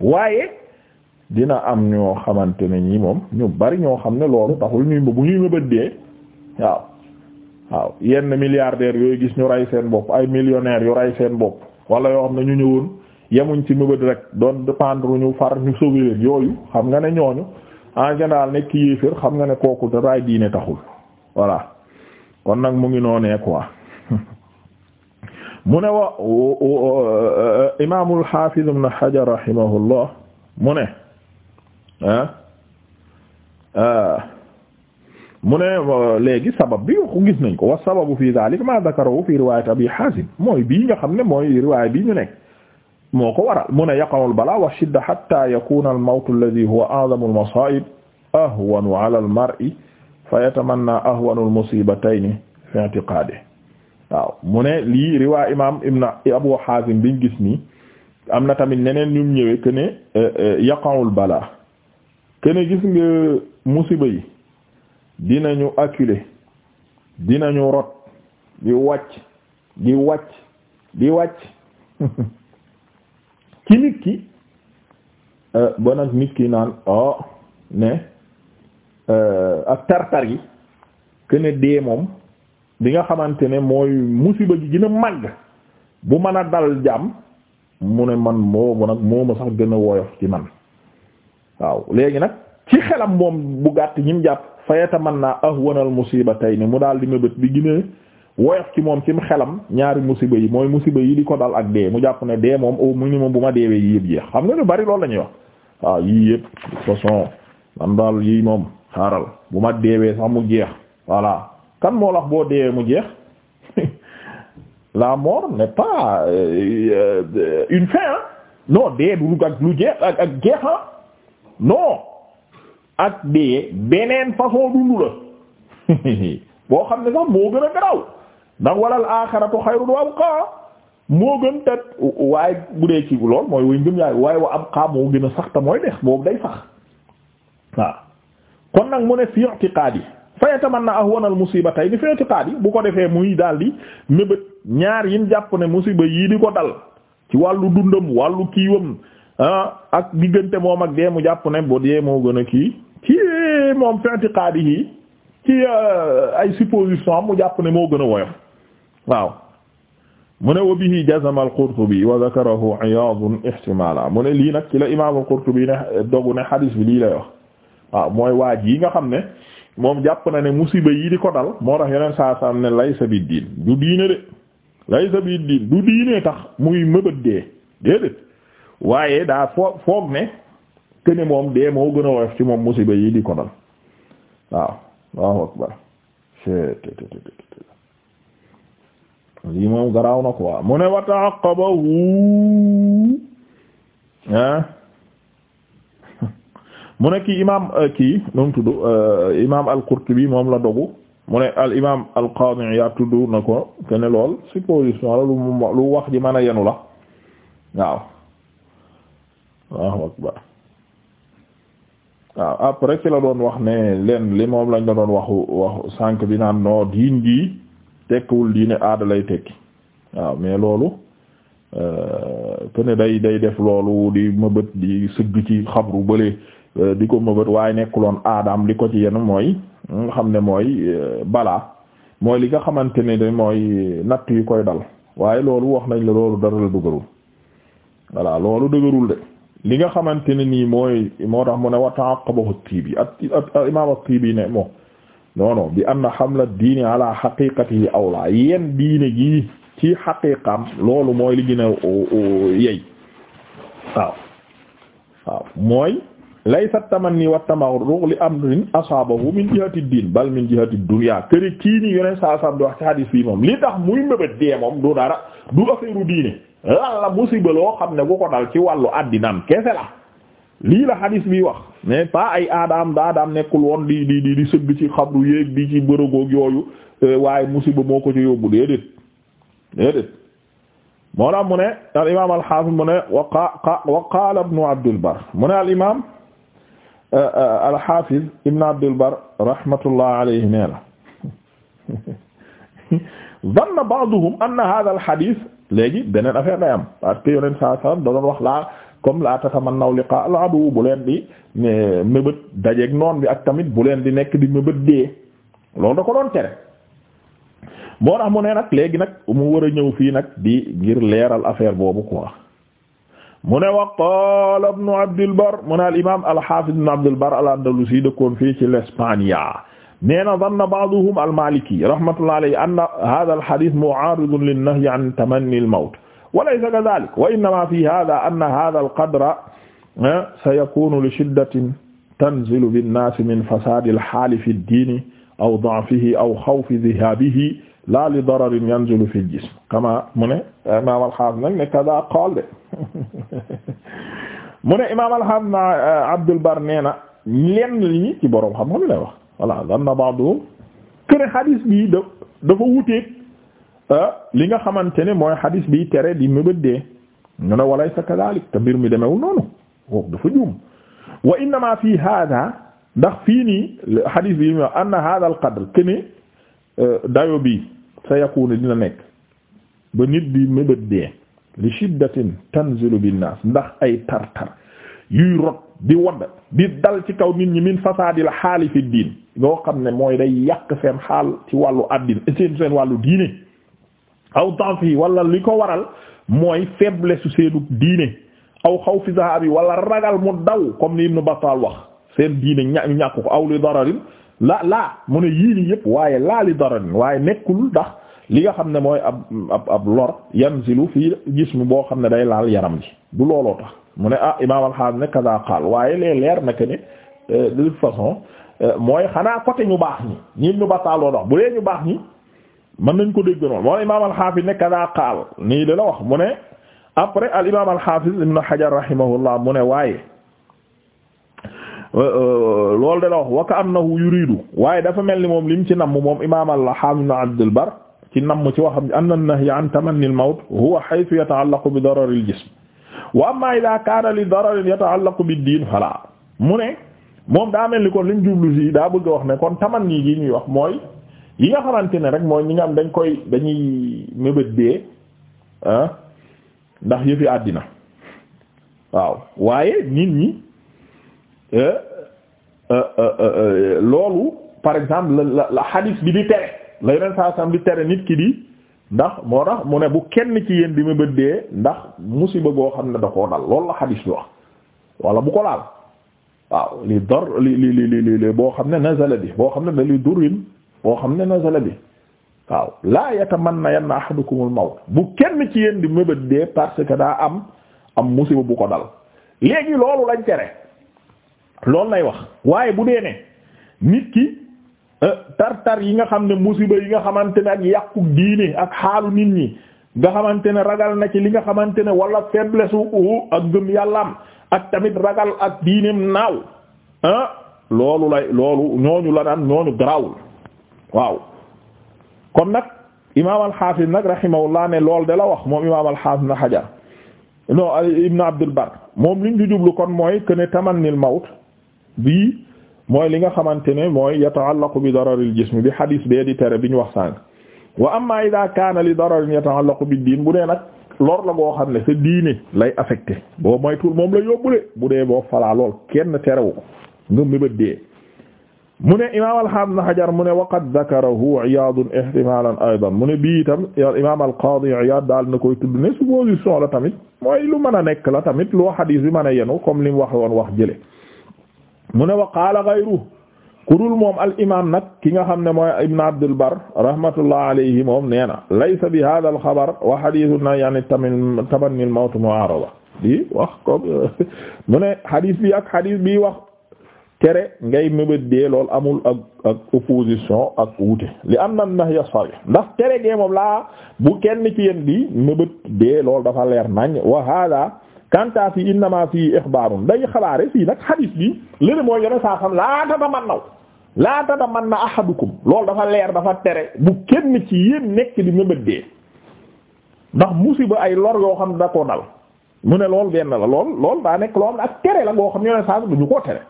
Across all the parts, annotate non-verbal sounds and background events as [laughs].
waaye dina am ñoo xamante ne ñi moom ñu bari ñoo xam ne loolu taxul ñuy bu ñuy mëbët dee waaw waaw yenn milliardaires yooyu gis ñu ray seen bopp ay millionnaires yu ray seen bopp wala yoo xam ne ñu ñëwoon yemuñ ci mëbët rek doon dépendre ñu far ñu sauver yooyu xam nga ne ñooñu en général nekk yéeféer xam nga ne kooku daraay diine taxul voilà kon nag mu ngi noonee quoi. mu ne wa uh, imaamul xaafiz ibn Hajar rahimahullah mu ne ah, ah mu ne léegi sabab bi gis nañ ko wa sababu fi zaalika maa dakarahu fi riwaayat Abi Haazim mooy bii nga xam ne mooy riwaay bii ñu nekk moo ko waral mu ne yaqa'u al-balaa wa shidda hattaa yakuuna al-mawtu alladhii huwa a'zamu al-masaa'ib ahwanu 'ala al-mar'i fa yatamannaa ahwana al-musiibatayni fi i'tiqaadihi waaw mu ne lii riwaa imam ibn Abu Hazim biñ gis nii am na tamit neneen ñum ñëwee que ne euh, euh, yaqawul bala que ne gis nga musiba yi dinañu acculer dinañu rot di wàcc di wàcc di wàcc [laughs] ci nit ki euh, ba nit ki naan o oh, ne ak tartar yi que ne dee bi nga xamante ne mooy musiba gi gën a màgg bu mën a dal jàmm mu ne man moo moomu nag moomu sax gën a woyof ci man waaw léegi nag ci xelam moom bu gàtt ñi mu jàpp fayata man naa ahwanal musiba tey ni mu daal di mébét bi gën a woyof ci moom ci xelam ñaari musiba yi mooy musiba yi di ko dal ak dee mu jàpp ne dee moom au minimum bu ma deewee yi yëpp jeex xam nga lu bari loolu la ñuy wax waaw yii yëpp façon man daal yii moom xaaral bu ma deewee sax mu jeex voilà kan moo lax boo deewee mu jeex la mort n'est pas euh, une fin non dee du ak lu jeex ak ak jeex non ak dee beneen façon dund la [laughs] boo xam ne sax moo gën a garaw ndax walal aaxiratu xayrun wa abqaa moo gën tet waaye bu dee ci lool mooy way ngëm yaay waaye wa abqaa moo gën a sax te mooy dex boobu day sax waaw kon nag mu ne fi i'tiqaadi fa yatamanna ahwana al musibatayni fi i'tiqadi bu ko defee muy daal di mébét ñaar yin jàpp ne musiba yii di ko dal ci wàllu dundam wàllu kiiwam ah, ak diggante moom ak dee mu jàpp ne boo dee moo gën a kii ci moom fi i'tiqadihi ci euh, ay supposition mu jàpp ne moo gën a woyof waaw mu ne wa bihi jazama al-Qurtubi wa dhakarahu Iyaad lii nag ci la imaam al-Qurtubi dogu ne hadis bi lii la wax waaw mooy waaj yi nga xam ne moom jàpp na ne musiba yii di ko dal moo tax yeneen saa saa ne laysa bi diin du diine de laysa bi diin du diine tax muy mëbët dee déedéet waaye daa foo foog ne te moom dee moo gën a woyof ci moom musiba yii di ko dal waaw lii moom garaaw na quoi mu ne wa ta'aqabahu ah mu ne kii imaam euh, kii nu mu euh, imaam al-Qurtubi moom la dogu mu ne al imaam al-Qaadi Iyaad tudd na ko te ne lool supposition la lu wax ji mën a yenu la waaw Allahu akbar waaw après ki la doon wax ne leen li moom lañ la doon waxu waxu sànq bi naan noo diin gii tekkiwul diine aada lay tekki waaw mais loolu euh, que ne day day def loolu di mëbët di sëgg ci xabru bële. Euh, di ko mëbët waaye nekkuloon aadaam li ko ci yenn mooy nga xam ne mooy euh, balaa mooy li nga xamante ne de mooy natt yu koy dal waaye loolu wax nañ la loolu dara la dëgërul voilà loolu dëgërul de li nga xamante ne nii mooy moo tax mu ne wa ta'aqqabahu at-Tiibi ak at-Tiibi ne moo non non bi anna hamla diini ala haqiqatihi awla yeen diine gi ci haqiqaam loolu mooy li gën waaw waaw mooy laysa tamanni wa tamarruq li amrin asaabahu min jihati diin bal min jihati dunya kër kii nii yeneen saa saam di wax ci hadis bi moom lii tax muy mébét dee moom du dara du affaire diine lan la musiba loo xam ne bu ko dal ci wàllu addinaam kese la lii la hadis bi wax mais pas ay aadaam daadaam nekkul woon di di di sëgg ci xabru yéeg di ci bërëgoog yooyu euh, waaye musiba moo ko ci yóbbu déedéet déedéet moo la mu ne al imaam al xaafis mu ne wa Uh, uh, alxafiz ibn abdul rahmatullah alayhi nee na [laughs] zanna ba'duhum anna hadha alhadith léegi beneen affaire day am parce que yoneen wax laa comme laa tatamannaw liqa al adu bu leen di mébét dajeeg noon bi ak tamit bu leen di nekk di mébét dee loolu da ko doon tere moo tax mu ne nag léegi nag mu war a ñëw fii nag di ngir leeral affaire boobu quoi mu ne wa qaala ibnu Abdil Barr mu ne al imaam al haafiz ibnu Abdil Barr al andalusi dëkkoon fii ci l'Espagne nee na zanna ba'duhum al maliki rahmatullahi alayhi anna haadha al hadiis mu'aaridun linnahyi an tamanni al mawt wa laysa kadhaalik wa innamaa fii haadha anna haadha al qadra ah, sayakuunu li shiddatin tanzilu binnaasi min fasaadil haali fi ddiini aw da'fihi aw xawfi dhihaabihi laa li dararin yanzilu fi al jism kamaa mu ne imaam al haafiz nag ne kadhaa qaala de [laughs] mu ne imaam alhamd Abdul Bar nee na lenn li ci borom xam-xam lay wax voilà zanna ba'du kene hadis bi dafa wuteeg euh, li nga xamante ne mooy hadis bi tere di mébéddee ñu ne walay sa kadalik te mbir mi demewul noonu woowu dafa juum wa innama fii ndax fii nii hadis bi mu anna al qadr kene euh, dayo bi sa yakunu dina nekk ba nit di mébéddee li shiddatin tanzilu binnaas ndax ay tartar yuy rot di wadd di dal ci kaw nit ñi min fasaadil xaali fi diin yoo xam ne mooy day yàq seen xaal ci wàllu àddina seen seen wàllu diine aw da'fi wala li ko waral mooy faiblesse su seenu diine aw xawfi zahabi wala ragal mu daw comme ni Ibn Battal wax seen diine ña ñàkk ko aw li dararin la laa mu ne yii nii yëpp waaye laa li dararin waaye nekkul ndax li nga xam ne mooy ab ab ab lor yanzilu fii jism boo xam ne day laal yaram ji du looloo tax mu ne ah imaam alxaam ne kaza qaal waaye lee leer na ne euh, de toute façon euh, mooy xanaa côté ñu baax ñi ñi ñu bataaloo dox bu dee ñu baax ñi mën nañ ko dégg noonu mooy imaam alxaafis ne kaza qaal nii la wax mu ne après al imaam alxaafis ibn Hajar rahimahullah mu ne waaye euh, loolu de la wax wa ka annahu yuridu waaye dafa mel ni moom lim ci namm moom imaam alxaafis ibn Abdul ci namm ci waxam anna an-nahya an tamanni al-mawt huwa haythu yata'allaqu bi darar al-jism wa amma idha kana li dararin yata'allaqu bid-din fala mu ne moom daa mel ni kon liñ jublu si daa bëgg a wax ne kon taman tamanni gi ñuy wax mooy yi nga xamante ne rek mooy ñu nga am dañ koy dañuy mébét dee ah ndax yëfi àddina waaw waaye nit ñi eh, eh, eh, loolu par exemple la la hadith bi di tere la yeneen saa sam di tere nit ki di ndax moo tax mu ne bu kenn ci yéen di ma bët dee ndax musiba boo xam ne da koo dal loolu la xadiis bi wax wala bu ko laal waaw li dor li li li li boo xam ne nazala bi boo xam ne da li durin boo xam ne nazala bi waaw laa yatamanna yanna ahadukumul mawt bu kenn ci yéen di mébét dee parce que daa am am musiba bu ko dal léegi loolu lañ tere loolu lay wax waaye bu dee ne nit ki Euh, tar-tar yi nga xam ne musiba yi nga xamante ne ak yàqu diine ak xaalu nit ñi nga xamante ne ragal na ci li nga xamante ne wala faiblesse wu ak gëm yàllaam ak tamit ragal ak diineem naaw ah loolu lay loolu ñooñu la daan ñooñu garawul waaw kon nag imaam al-Hafiz nag rahimahullah ne loolu de la wax moom imaam al-Hafiz na Hajar Ibn Abdul moom liñ di jublu kon mooy que ne tamannil mawt bii mooy li nga xamante ne mooy yataallaqu bi dararil jism bi xadis bee di tere bi ñu wax sànq wa amma ida kaana li dararin yataallaqu bi diin bu dee nag lor la boo xam ne sa diine lay affecté boo moytuwul moom la yóbbule bu dee boo falaa lool kenn terewu ko nga mébét dee mu ne imaam al na Ibn Hajar mu ne waqad dakarahu Iyaad ihtimaalan aydan mu ne itam imaam al-Qaadi Iyaad daal na koy tudd supposition la tamit mooy lu mën a nekk la tamit loo xadiis bi mën a yenu comme li mu waxe woon wax jële mu ne wa qaala ghayru ku moom al imaam nag ki nga xam ne mooy ibn abdul bar rahmatullah moom nee na laysa bi hadha al xabar wa hadithuna yani tamin tamanni al di wax ko ne hadith bi ak hadith bi wax tere ngay mébét dee lool amul ak ak opposition ak wute li am na nahya sarih ndax tere gee moom laa bu kenn ci yéen bi mébét dee dafa leer nañ wa hada kanta fii innama fii ixbaarun day xabaare fii nag xadiis bi lëna mooy yone saa xam laa tatamannaw laa tatamanna ahadukum lool dafa leer dafa tere bu kenn ci yéen nekk di mébét ndax musiba ay lor yoo xam da ko dal mu ne loolu genn la lool lool daa nekk loo xam ne ak tere la ngoo xam yone saa bu ñu koo tere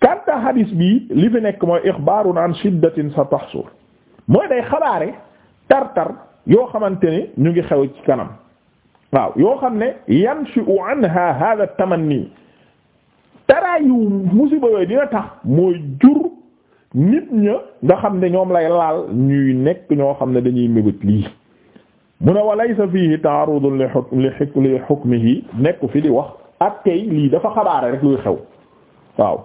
kanta xadiis bii li fi nekk mooy ixbaarun an shiddatin sa tahsur mooy day xabaare tar-tar yoo xamante ni ñu ngi xew ci kanam waaw yoo xam ne yanshi'u anha nii tamanni taraayu musiba yooyu dina tax mooy jur nit ña nga xam ne ñoom lay laal ñuy nekk ñoo xam ne dañuy mébét lii mu ne wa laysa fiihi ta'arudun li li li hukmihi nekk fi di wax ak tey lii dafa xabaare rek luy xew waaw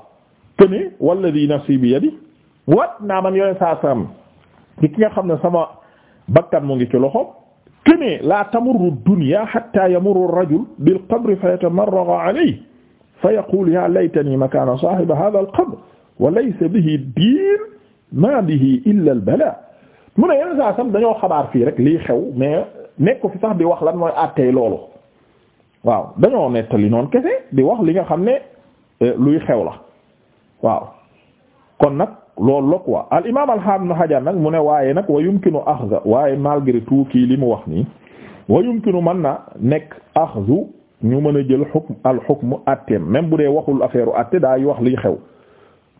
këni walladhi wat naa man yooyu saa sam ki nga xam ne sama bakkan mu ngi ci loxo kene la tamurru dunya hatta yamurru ar-rajul bil qabri fa yatamarraghu alayhi fa yaqulu ya laytani makana sahibi hadha al-qabr wa laysa bi diin ma bihi illa al-bala mu ne yenn sam dañoo xabaar fii rek lii xew mais nekk fi sax di wax lan mooy àttee loolu waaw dañoo nettali noonu kese di wax li nga xam ne eh, luy xew la loolu la quoi al imaam alxam na xajar nag mu ne waaye nag wa yumkinu axza waaye malgré tout kii li mu wax nii wa yumkinu mën na nekk axzu ñu mën a jël xukm al xukm atteem même bu dee waxul affaire u atte wax liy xew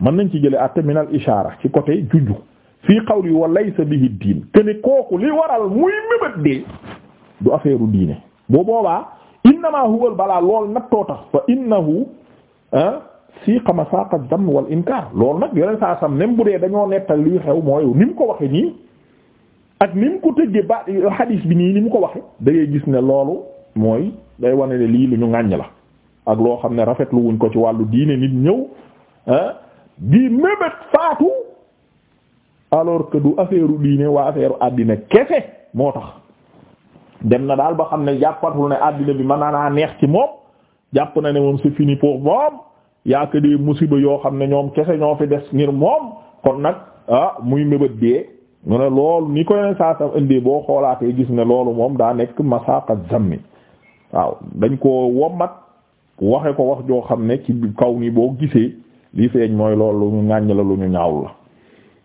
mën nañ ci jële atte min al ishaara ci côté junju fii qawli wa laysa bihi diin te kooku li waral muy mébét dee du affaire diine bu boobaa innamaa huwal balaa lool nattoo tax fa innahu ah, siqa masaqa dam wal inkar loolu nag yoneen saa sam même bu dee dañoo nettal luy xew mooy ni mu ko waxe nii ak ni mu ko tëggee ba hadis bi nii ni mu ko waxe da gis ne loolu mooy day wane ne lii lu ñu ŋàññ la ak loo xam ne rafetlu wuñ ko ci wàllu diine nit ñëw ah di mébét faatu alors que du affaire diine waa affaire àddina kese moo tax dem na daal ba xam ne jàppatul ne àddina bi mën naa neex ci moom jàpp na ne moom c'est fini pour moom yaaka dee musiba yoo xam ne ñoom kese ñoo fi des ngir moom kon nag ah muy mébét dee mu ne loolu ni ko yeneen saa sam indee boo xoolaatee gis ne loolu moom daa nekk masaaka zammi waaw dañ ko wommat waxe ko wax joo xam ne ci kaw ni boo gisee li feeñ mooy lool lu ñu ŋàññ la lu ñu ñaawul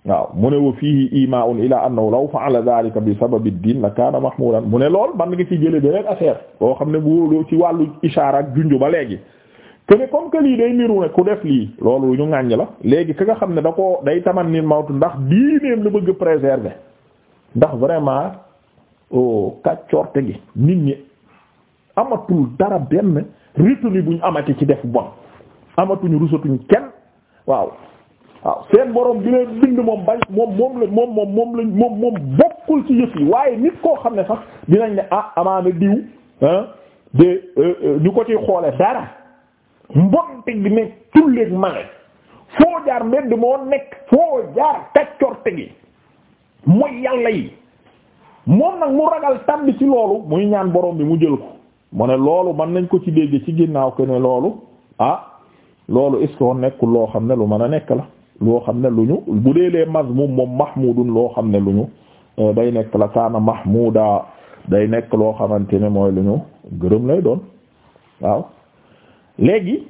la waaw mu ne wa fiihi imaa'un ila annahu law fa'ala dhalika bi sababi diin la kaana mahmudan mu ne lool man ngi ci jële beneen affaire boo xam ne bu ci wàllu ishaara ak ba léegi que ne comme que lii day niru ne ku def lii loolu ñu ŋàññ la léegi ki nga xam ne da ko day taman ni mawtu ndax diineem lu bëgg préserver ndax vraiment o oh, kàccorte gi nit ñi amatul dara benn retenu buñ amati ci def bon amatuñu rusatuñ kenn waaw waaw seen borom bi leen bind moom bañ moom moom moom moom moom lañ bokkul ci yëf yi waaye nit koo xam ne sax dinañ ne ah amaana diw ah de euh, euh, ñu ko ci xoole dara mbonte gi ne tulleeg male foo jaar mbedd moo nekk foo jaar kaccorte gi mooy yàlla yi moom nag mu ragal tàmbi ci loolu muy ñaan borom bi mu jël ko mu ne loolu mën nañ ko ci dégg ci ginnaaw ko ne loolu ah loolu est-ce nekkul loo xam ne lu mën a nekk la loo xam ne lu ñu bu dee lee mazmum moom mahmudun loo xam ne lu ñu euh, day nekk la kaana mahmuda day nekk loo xamante ne mooy lu ñu gërëm lay doon waaw léegi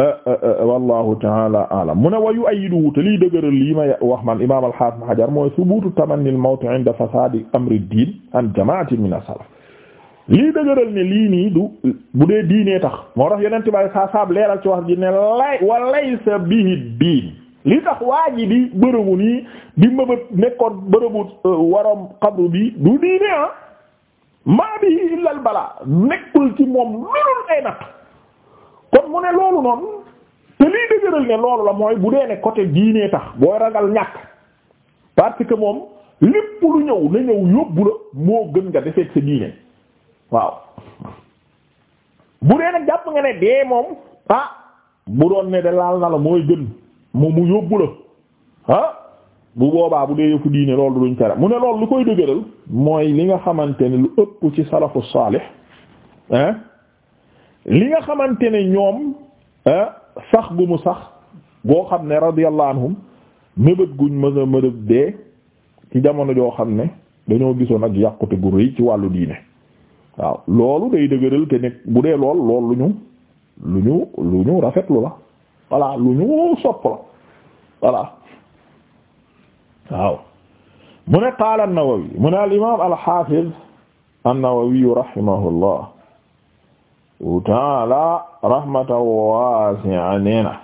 euh, euh, euh, wallahu taala alam mu ne wayu ayidu te liy dëgëral lii ma wax man imam alxaasna xajar mooy subutu tamannil mawti inda fasadi amri diin an jamaati min as-salaf lii dëgëral ne lii nii du bu dee diinee tax moo tax yenente bàyy saa saab leeral ci wax ji ne lay wa laysa bihi diin li tax waa ji di bërëbu nii di mëbët nekkoon bërëbu warom xabru bi du diine ah maa bihi illa al bala nekkul ci moom lulul ay natt kon mu ne loolu noonu te lii dëgëral ne loolu la mooy bu dee ne côté diinee tax booy ragal ñàkk parce que moom lépp lu ñëw na ñëw yóbbu la moo gën nga defee sa diine waaw bu dee nag jàpp nga ne dee moom ah bu doon ne de laal na la mooy gën mu mu yóbbu la ah bu boobaa bu dee yëfu diine loolu duñ mu ne loolu lu koy dëgëral mooy li nga xamante ne lu ëpp ci salafu saalih hein li nga xamante ne ñoom ah, sax gu mu sax goo xam ne radiyallahu anhum mébét guñ mësa mërëb dee ci jamono joo xam ne dañoo gisoon ak yàqute gu rëy ci wàllu diine waaw loolu day dëgëral te nekk bu dee lool lool lu ñu lu ñu lu ñu rafetlu la voilà lu ñu sopp la voilà waaw mu ne qaala an-Nawawi mu ne al imaam al-Haafiz an-Nawawi rahimahullah taala rahmatan wasi'a neena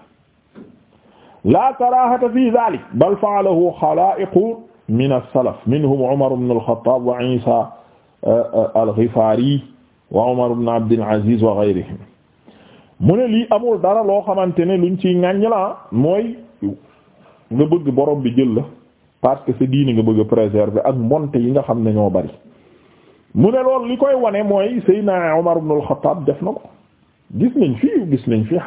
la karahata fi dhalik bal fa'alahu khalaa'iqu min as-salaf minhum Umar ibn al wa Isa uh, uh, al-Ghifari wa Umar ibn Abd al-Aziz wa ghayrihim mu ne lii amul dara loo xamante ne luñ ciy ŋàññ la mooy nga bëgg borom bi jël la parce que sa diini nga bëgg a préserver ak mbonte yi nga xam ne ñoo bari mu ne loolu li koy wane mooy Seydina Omar ibn al-Khattab def na ko gis nañ fi gis nañ fi [laughs]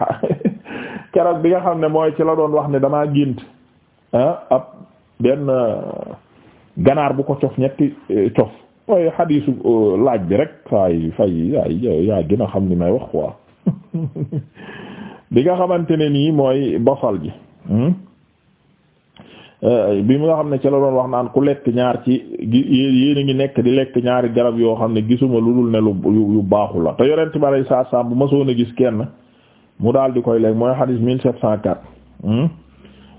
keroog bi nga xam ne mooy ci la doon wax ne damaa gént ah, ab benn euh, ganaar bu ko cof ñetti euh, cof mooy xadiisu euh, laaj bi rek fay fay yaay yaa gën a xam ni may wax quoi [laughs] bi nga xamante ne nii mooy bosal ji Euh, bi mu nga xam ne ci la doon wax naan ku lekk ñaar ci yéen a ngi nekk di lekk ñaari garab yoo xam ne gisuma lu dul ne lu yu baaxul la te yorent bi alay saa saam bu ma soon gis kenn mu daal di koy lekk mooy xadis mille sept cent quatre hmm?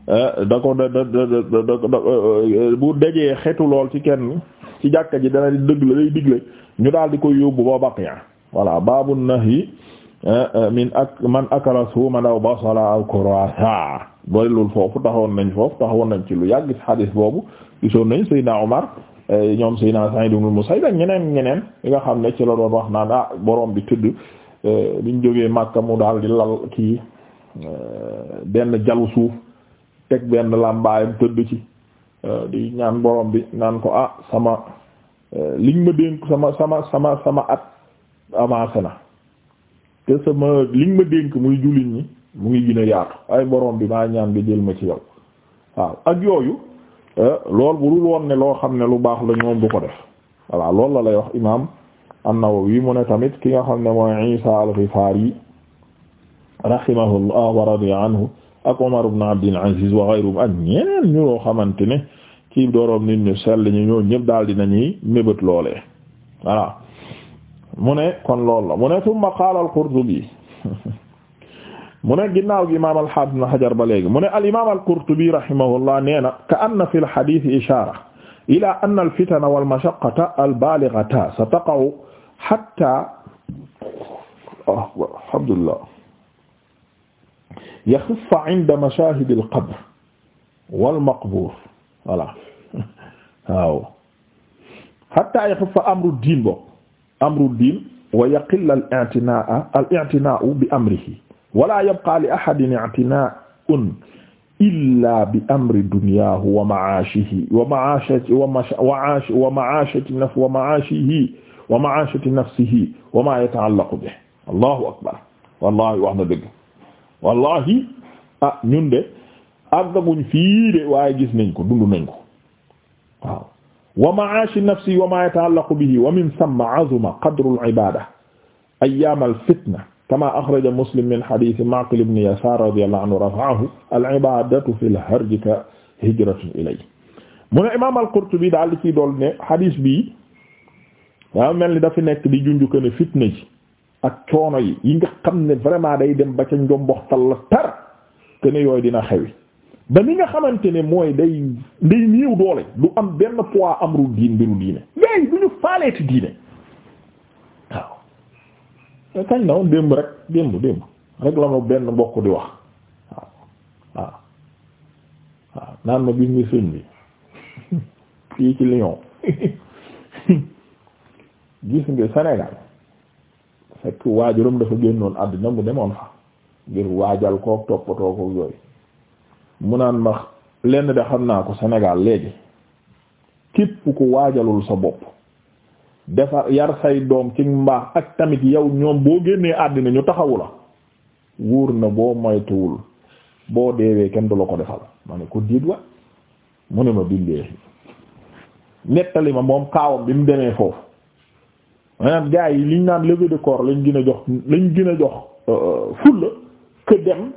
euh, da ko da da da euh, bu dajee xetu lool ci kenn ci jàkka ji dana di dëgg la digle ñu daal di koy yóbbu ba baqiya voilà baabu nahyi Eh, eh, min ak man akala suuman aw basala aw kurasa doylul foofu taxawoon nañ foofu taxawoon nañ ci lu yàgg xadis boobu gisoon nañ Seydina Omar eh, ñoom Seydina Sa'id mu say ak ñeneen ngeneen li nga xam ne ci la doon wax naan ah bi tëdd biñ jógee Makka mu daal di lal kii benn jalu suuf teg benn làmbaayam tëdd ci di ñaan borom bi naan ko ah sama liñ ma dénk sama sama sama sama at avancé na te sama li nga ma dénk muy jullit ñi mu ngi gën a yaatu ay borom bi maa ñaan bi jël ma ci yow waaw ak yooyu eh, lool bu dul woon ne loo xam ne lu baax la ñoom du ko def voilà loolu la lay wax imaam an-Nawawi mu ne tamit ki nga xam ne mooy Isa al-Ghifari rahimahullah wa radiya anhu ak Umar ibn Abdul Aziz wa ak ñeneen ñu loo xamante ne ci doroom nit ñu sell ñu ñoo ñëpp daal nañuy mébét loolee voilà mu ne kon loolu la mu ne summa qaala al-Qurtubi [laughs] mu ne ginnaaw gi imaam al-Haafiz Ibn Hajar ba léegi mu ne al-imaam al-Qurtubi rahimahullah nee na ka anna fi al-hadiith ishaara ilaa anna al-fitana wal-mashaqqata al-baalighata sataqa'u hattaa oh, alhamdulillah yaxiffa 'inda mashaahidi al-qabr wal-maqbuur voilà [laughs] waaw hattaa yaxiffa amru diin boobu amruddin wa yaqilla al i'tinaa al i'tinaa'u bi amrihi wala yabqa li ahadin i'tinaa'un illa bi amri dunyaahu wa ma'aashihi wa ma'aashati wa ma'aashati wa ma'aashihi wa ma'aashati nafsihi wa maa yata'allaqu bihi allahu akbar wallahi wax na dëgg wallahi ah ñun de àggaguñ fii de waaye gis nañ ko dund nañ ko waaw wa ma'ashi nafsi wa ma yata'allaqu bihi wa min thumma 'azima qadru al-'ibada ayyam al-fitna kama akhraja muslim min hadith ma'qil ibn yasar radiyallahu anhu rafa'ahu al-'ibadatu fil harj ka hijratun ilayhi mu ne imam al-Qurtubi daal di ciy dool ne hadith bi daa mel ni dafa nekk di junj ko ne fitna ji ak coono yi yi nga xam ne vraiment day dem ba ca njomboxtal la tar que ne yooyu dina xewi ba ni nga xamante ne mooy day day néew doole du am benn poids am diin mbiru diine léegi du ñu faaleeti diine waaw kañ la woon démb rek démb démb rek la ma benn mbokk di wax waaw waaw naan ma gis nga sëñ bi [laughs] fii ci Lyon [laughs] gis nga Sénégal fekk waajuram dafa génnoon àddina mu demoon fa ngir waajal kook toppatoo kook yooyu mu naan ma lenn de xam naa ko senegaal léegi képp ku waajalul sa bopp defar yar say doom ci mbaax ak tamit yow ñoom boo génnee àddina ñu taxawu la wuur na boo moytuwul boo deewee kenn du la ko defal ma ne ko diit wa mu ne ma bindee nettali ma moom kaawam bi mu demee foofu maanaam gaa yi liñ naan levée corps lañ gën a jox lañ gën a jox euh, fulla que dem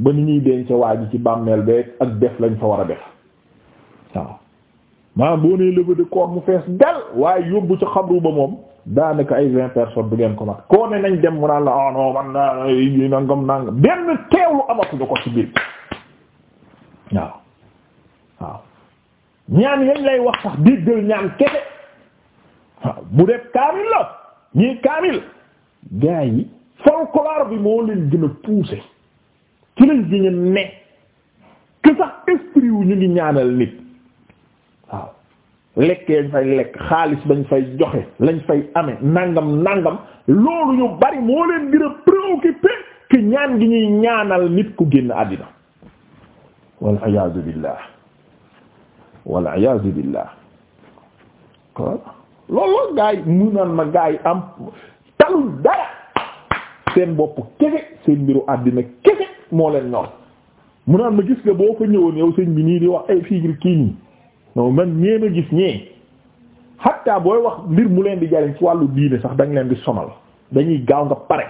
ba ni ñuy denc waa ji ci bàmmeel beeg ak def lañ fa war a def waaw maanaam boo nee levée de corps mu fees del waaye yóbbu ca xabru ba moom daanaka ay vingt personnes du ngeen ko mat koo ne nañ dem mu naan la ah amatuñu ko ci biir waaw waaw ñaan yañ lay wax sax déggal ñaan kese waaw bu kaamil la ñii kaamil gaa yi folklore bi moo leen gën a pousser. ci lañ gën ne que sax esprit wu ñu ngi ñaanal nit waaw lekk yañ fay lekk xaalis bañ fay joxe lañ fay amee nangam nangam loolu ñu bari moo leen gën a préoccupé que ñaan gi ñuy ñaanal nit ku génn àddina wal iyaazu billah wal iyaazu billah loolu gaa yi mu naan ma gaa yi am talul dara seen bopp kese seen mbiru àddina kese moo leen ñor mu naan ma gis nga boo fa ñëwoon yow sëñ bi nii di wax ay fii kii nii non man ñee ma gis ñee hatta booy wax mbir mu leen di jariñ ci wàllu diine sax dañ leen di sonal dañuy gaaw nga pare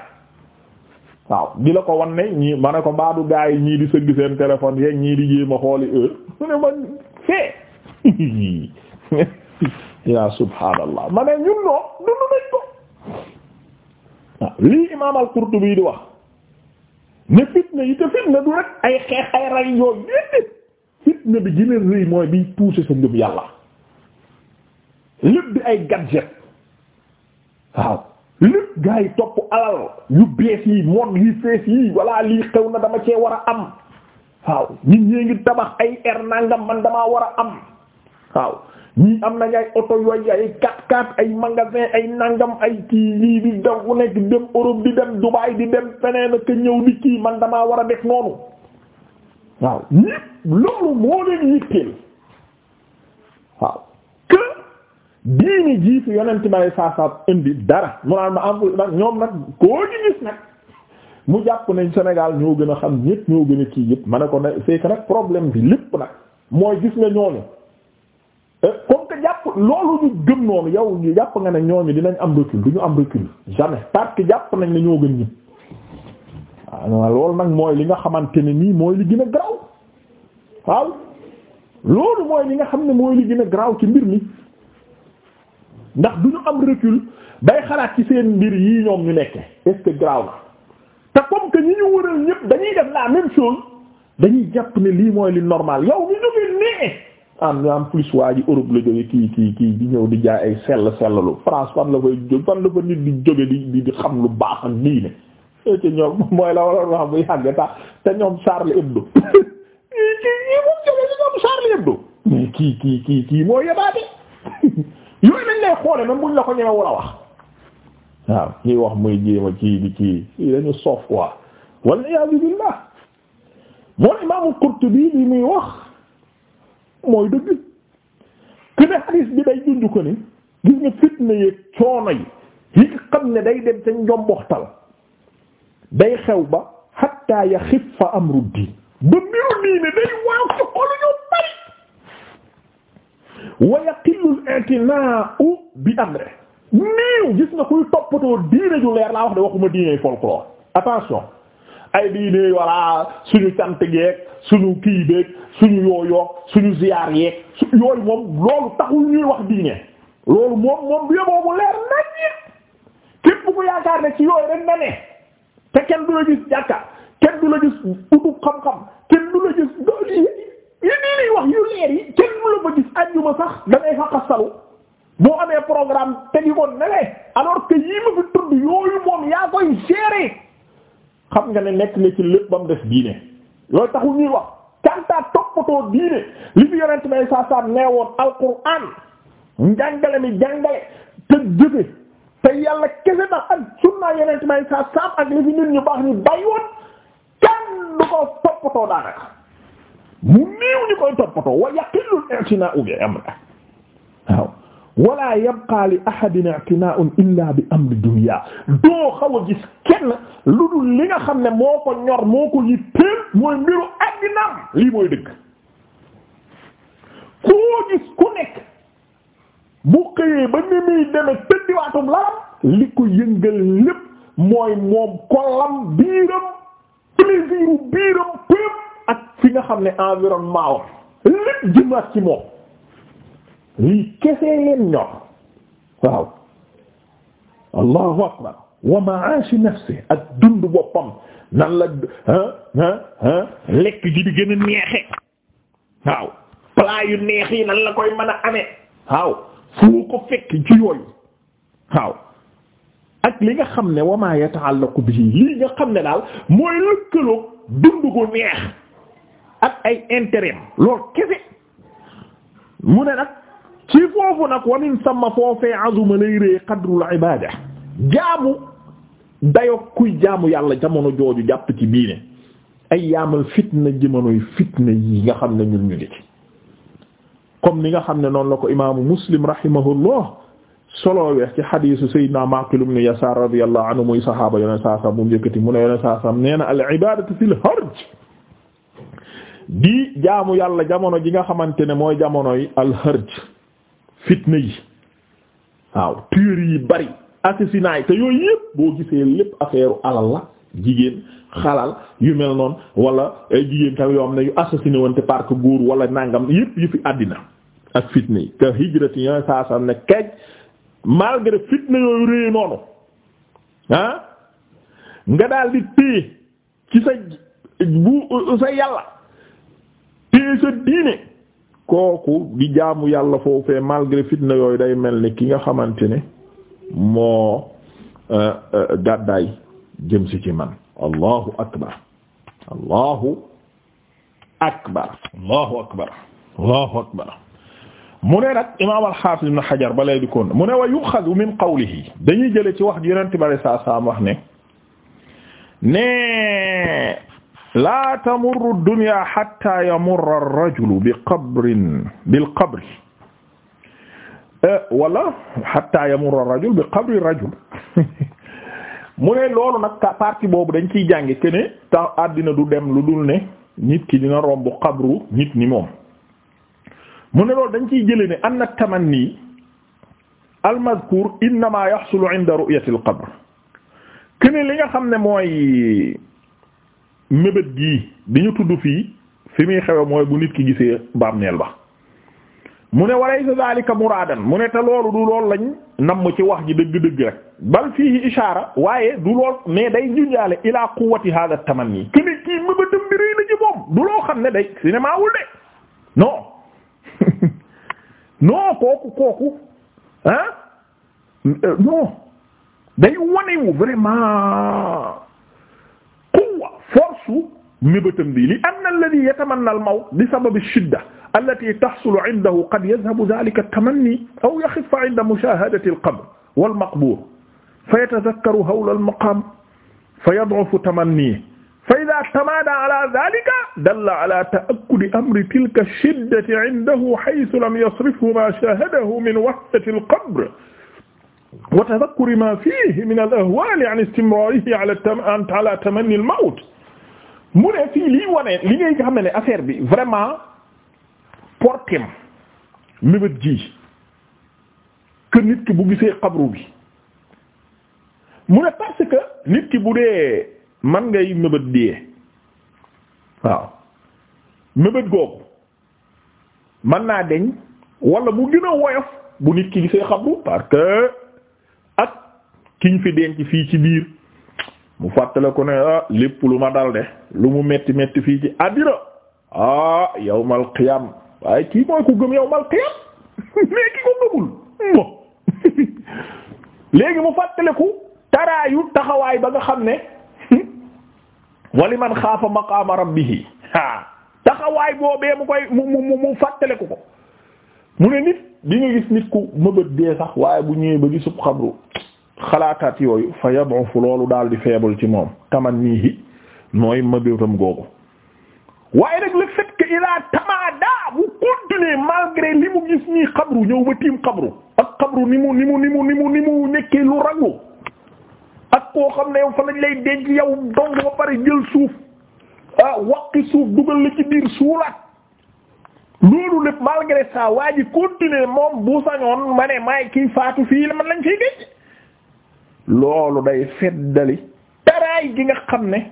waaw di la ko wan ne ñii ma ne ko mbaadu gaa yi ñii di sëgg seen téléphone yeeg ñii di jéem a xooli heure [laughs] yaa subhaanallah ma ne ñun noo dundu nañ ko lii imaam al-Qurtubi di wax ne fitna yi te fitna du rek ay xeex ay ray yooyu yépp fitna bi gën a rëy mooy biy touché sa ngëm yàlla lépp bi ay gadget waaw lépp gaa yi topp alal yu bees yi mode yi fees yi walla lii xew na dama cee war a am waaw nit ñee ngi tabax ay air nangam man damaa war a am waaw ñii am nañ ay oto yooyu ay 4x4 ay magasin ay nangam ay kii lii di def ku nekk dem Europe di dem Dubaï di dem feneen ak ñëw di kii man damaa war a def noonu waaw ñépp loolu moo leen yitteel waaw que diini ji fi yonent bi ay saasaam indi dara mu naan ma am ñoom nag koo ñu gis nag mu jàpp nañ Sénégal ñoo gën a xam ñépp ñoo gën a kii yépp ma ne ko ne c'est que nag problème bi lépp nag mooy gis nga ñooñu. Euh, comme que jàpp loolu ñu gëm noonu yow ñu jàpp nga ne ñooñu dinañ am recul du ñu am recul jamais parce que jàpp nañ ne ñoo gën ñi waaw ah, loolu nag mooy li nga xamante ne nii mooy li gën a garaaw waaw loolu mooy li nga xam ne mooy li gën a garaaw ci mbir mi ndax du ñu am recul day xalaat ci seen mbir yi ñoom ñu nekk est-ce na te comme que ñi ñu wëral ñëpp dañuy def la même chose dañuy jàpp ne lii mooy li normal yow ñu jógee nee. am am plus waa ji Europe la jóge kii kii kii di ñëw di jaay ay sell sellalu France fan la fay jóg fan la fa nit di jóge di di xam lu baax ak diine te ñoom [laughs] mooy la wala wax bu yàgg te ñoom Charlie Hebdo kii kii moom jóge si ñoom Charlie kii kii kii [laughs] yooyu lañ lay xoole même buñ la ko ñëwee wala wax waaw kii wax muy jéema kii di kii dañu soof quoi wal iyaazu billah moo Imaamu Qurtubi bi muy wax. mooy dëgg ki ne xadiis bi day junj ni gis nga fitna yeeg coono yi yi xam ne day dem ca njomboxtal day xew ba xatta ya xif fa amru diin ba mbiru diine day waaw ci ñu bari wa yaqillu al bi amri néew gis nga kuy toppatoo diine ju leer laa wax de waxuma diine folklore attention ay diine walla suñu cant geek suñu kii beek suñu yooyook suñu ziyaar yeek yooyu moom loolu taxul ñuy wax diine loolu moom moom bu yeboo mu leer nañ képp ku yaakaar ne ci yooyu rek na ne te kenn du la gis jàkka kenn du la gis utub xam-xam kenn du la gis yi nii wax yu leer yi kenn la ba gis àjjuma sax da ngay faqasalu boo amee programme te di ko newee alors que yii ma fi tudd yooyu moom yaa koy gérer xam nga ne nekk na ci lépp ba mu diine loolu taxul ñuy wax kantaa toppatoo diine li fi yonent may saa saa neewoon alquran njàngale mi jàngale te jëfe te yàlla kese tax ak sunnaa yonent may saa ak li fi nit ñu baax ñu bàyyiwoon kenn du ko toppatoo daanaka mu néew ñu koy toppatoo wa yaqillul i'tina'u bi amra waaw wala yabqa li ahadin i'tina'un illa bi amri dunya doo xaw kenn lu dul li nga xam ne moo ko ñor moo ko yitteel mooy mbiru addinaam lii mooy dëgg koo gis bu xëyee ba ni muy deme tëddiwaatum lalam li ko yëngal lépp mooy moom kolam biiram plaisir biiram pépp ak fi nga xam ne environnement am lépp jëmaat ci moom lii kesee leen ñor waaw allahu akbar wa ma'ash nafsi ak dund boppam nan la lekk ji di gën a neexe waaw plat yu neex yi nan la koy mën a ame waaw fu ko fekk ci waaw ak li nga xam ne wa ma yata'allaqu bihi lii nga xam ne daal mooy lëkkaloog dund gu neex ak ay intérêt loolu kese mu ne nag ci foofu nag wa min samma foofee azuma lay rée qadrul ibada jaamu dayo kuy jaamu yàlla jamono jooju jàpp ci bii ne ay yaamal fitna jëmanoy fitna yi nga xam ne ñun ñu ngi ci comme ni nga xam ne noonu la ko imaamu muslim rahimahullah solooweex ci xadiisu sayyidina maqil ibn yasar radiyallahu anhu muy sahaaba yoneen saasam bu mu yëkkati mu ne yoneen saasam nee na al ibadatu fil harj di jaamu yàlla jamono ji nga xamante ne mooy jamonoy al harj fitna yi waaw tuerie yi bari assassinat yi te yooyu yépp boo gisee lépp affaire alal la jigéen xalal yu mel noonu wala jigéen tam yoo am ne yu assassiné wante parce que wala nangam yépp yu fi àddina ak fitna yi te hijrati saa saa ne keej malgré fitna yooyu réye noonu ah nga daal di téye ci sa bu sa yàlla téye sa diine kooku di jaamu yàlla foofee malgré fitna yooyu day mel ni ki nga xamante ne moo euh, euh, gàddaay jëm si ci man allahu akbar allahu akbar allahu akbar mu ne nag imaam al-Hafiz ibn Hajar ba lay di kon mu ne wa yuxadu min qawlihi dañuy jële ci wax ji yonente bi alayhi salaam wax ne ne laa tamurru dunya hatta yamurra ar-rajulu bi qabrin bil qabri eh, wala hatta yamurra ar-rajulu bi qabri rajul [laughs] mu ne loolu nag partie boobu dañ ciy jànge ke ne tax du dem lu dul ne nit ki dina romb xabru nit ni moom mu ne loolu dañ ciy jële ne anna tamanni al-mazkur innama yahsulu inda ru'yati al-qabr ke li nga xam ne mooy mébét gii bi ñu tudd fii fi muy xewe mooy bu nit ki gisee bàmmeel ba mu ne walaysa zalika muraadan mu ne te loolu du lool lañ nam ci wax ji dëgg-dëgg rek bal fiihi ishaara waaye du lool mais day junjaale ila quwwati hadha tamanni kene kii mébétam bi rëy na ci moom du loo xam ne day cinéma de non [laughs] non kooku kooku ah euh, day wanewu vraiment wasfu mébétam bi li anna alladhi yatamanna al-mawt bi sababi shidda allati tahsulu indahu qad yadhhabu dhalika at-tamanni aw yakhiffu 'inda mushahadati al-qabr wal-maqbur fayatadhakkaru hawla al-maqam fayad'ufu tamannihi fa idha tamada ala dhalika dalla ala ta'akkudi amri tilka shiddati 'indahu haythu lam yasrifhu ma shahadahu min wahshati al-qabr wa tadhakkuri ma fihi min al-ahwali 'an istimrarihi ala tamanni al-mawt mu ne fii liy wane li ngay xam ne ne affaire bi vraiment portem mébét ji que nit ki bu gisee xabru bi mu ne parce que nit ki bu dee man ngay mébét dee waaw mébét googu mën naa deñ wala mu gën a woyof bu nit ki gisee xabru parce que ak kiñ fi denc fii ci biir mu fàttale ko ne ah lépp lu ma dal de lu mu metti metti fii ci àddina ah yawmal qiyam waaye kii mooy ku gëm yawmal qiyam [laughs] mais ki ko gëmul [laughs] léegi mu fàttaleku taraayu taxawaay ba nga xam ne [laughs] wali man xaafa maqaama rabbihi ah taxawaay boobee mu koy mu mu mu fàttaleku ko mu ne nit bi nga gis nit ku mëbët dee sax waaye bu ñëwee ba gisub xabru xalaataat yooyu fa yadofu loolu daal di faible ci moom tamannihi mooy mabéwtam googu waaye nag le fait que il a tamada bu continuer malgré li mu gis nii xabru ñëw ba tiim xabru ak xabru ni mu ni mu ni mu ni mu ni mu nekkee lu rangu ak koo xam ne yow fa lañ lay denc yow dong ba jël suuf ah, waqi suuf dugal la ci biir suulaat loolu lépp malgré saa waa ji moom bu sañoon ma ne maay kii faatu fii la man lañ fiy denc loolu day feddali taraay gi nga xam ne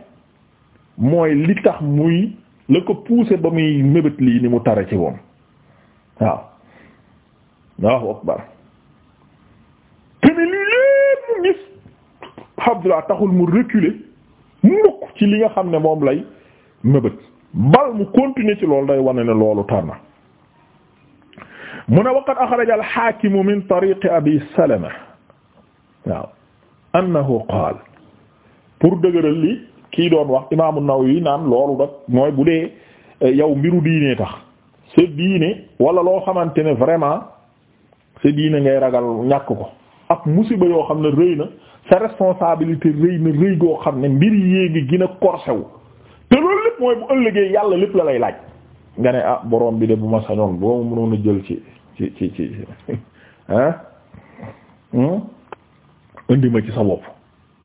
mooy li tax muy la ko poussé ba muy mébét lii ni mu tare ci woon waaw waaw akbar te ni lii lépp mu gis Abdullah taxul mu reculer mukk ci li nga xam ne moom lay mébét bal mu continuer ci loolu day wane ne loolu tar na mu ne waqad axraja al-Haakim min tariiqi Abi Salama waaw annahu qaal pour dëgëral li kii doon wax imaamu yi naan loolu rek mooy bu dee eh, yow mbiru diine tax sa diine wala loo xamante ne vraiment sa diine ngay ragal ñàkk ko ak musiba yoo xam ne rëy na sa responsabilité rëy na rëy goo xam ne mbir yéegi gën a korsewu te loolu lépp mooy bu ëllëgee yàlla lépp la lay laaj nga ne ah borom bi de bu ma sañoon boo mënoon a jël ci ci ci ci ah [laughs] indi ma ci sa bopp